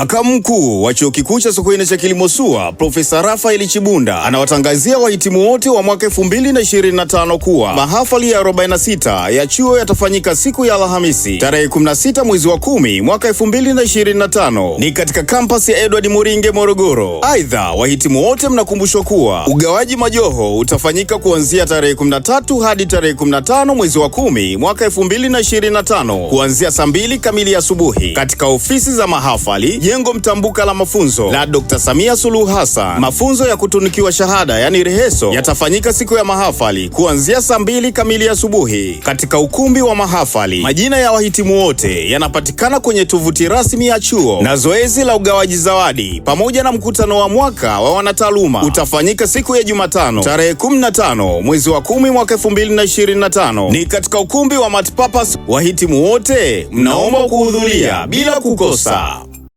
Makamu mkuu wa chuo kikuu cha Sokoine cha kilimo SUA Profesa Rafael Chibunda anawatangazia wahitimu wote wa mwaka 2025 kuwa mahafali ya 46 ya chuo yatafanyika siku ya Alhamisi tarehe 16 mwezi wa 10 mwaka 2025 ni katika kampasi ya Edward Muringe Morogoro. Aidha, wahitimu wote mnakumbushwa kuwa ugawaji majoho utafanyika kuanzia tarehe 13 hadi tarehe 15 mwezi wa 10 mwaka 2025 kuanzia saa 2 kamili asubuhi katika ofisi za mahafali jengo mtambuka la mafunzo la Dr. Samia Suluhu Hassan. Mafunzo ya kutunukiwa shahada yani reheso yatafanyika siku ya mahafali kuanzia saa mbili kamili asubuhi katika ukumbi wa mahafali. Majina ya wahitimu wote yanapatikana kwenye tovuti rasmi ya chuo, na zoezi la ugawaji zawadi pamoja na mkutano wa mwaka wa wanataaluma utafanyika siku ya Jumatano tarehe 15 mwezi wa 10 mwaka 2025 ni katika ukumbi wa Matpapas. Wahitimu wote mnaomba kuhudhuria bila kukosa.